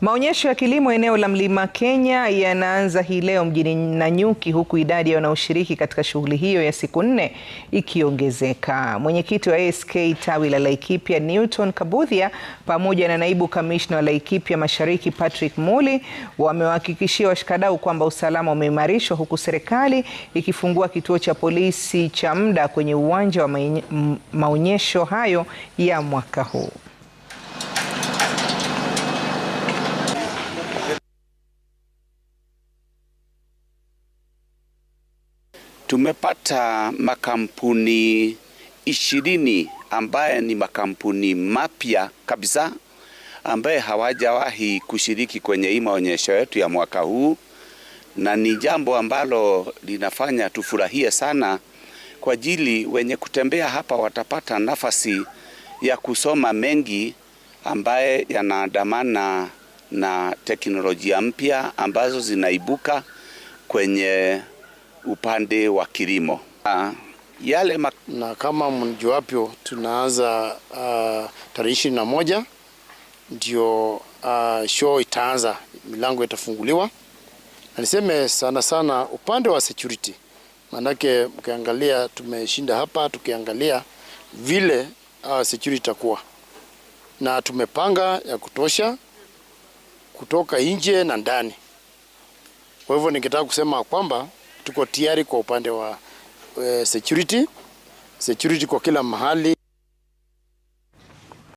Maonyesho ya kilimo eneo la Mlima Kenya yanaanza hii leo mjini Nanyuki huku idadi ya wanaoshiriki katika shughuli hiyo ya siku nne ikiongezeka. Mwenyekiti wa ASK tawi la Laikipia Newton kabudhia pamoja na naibu kamishna wa Laikipia Mashariki Patrick Muli wamewahakikishia washikadau kwamba usalama umeimarishwa huku serikali ikifungua kituo cha polisi cha muda kwenye uwanja wa maonyesho hayo ya mwaka huu. Tumepata makampuni ishirini ambaye ni makampuni mapya kabisa ambaye hawajawahi kushiriki kwenye hii maonyesho yetu ya mwaka huu, na ni jambo ambalo linafanya tufurahie sana, kwa ajili wenye kutembea hapa watapata nafasi ya kusoma mengi ambaye yanaandamana na teknolojia mpya ambazo zinaibuka kwenye upande wa kilimo ah, yale mak na kama mjuapyo tunaanza uh, tarehe ishirini na moja ndio uh, show itaanza, milango itafunguliwa, na niseme sana sana upande wa security, maanake mkiangalia tumeshinda hapa, tukiangalia vile uh, security itakuwa na tumepanga ya kutosha kutoka nje na ndani. Kwa hivyo ningetaka kusema kwamba tuko tayari kwa upande wa eh, security security kwa kila mahali.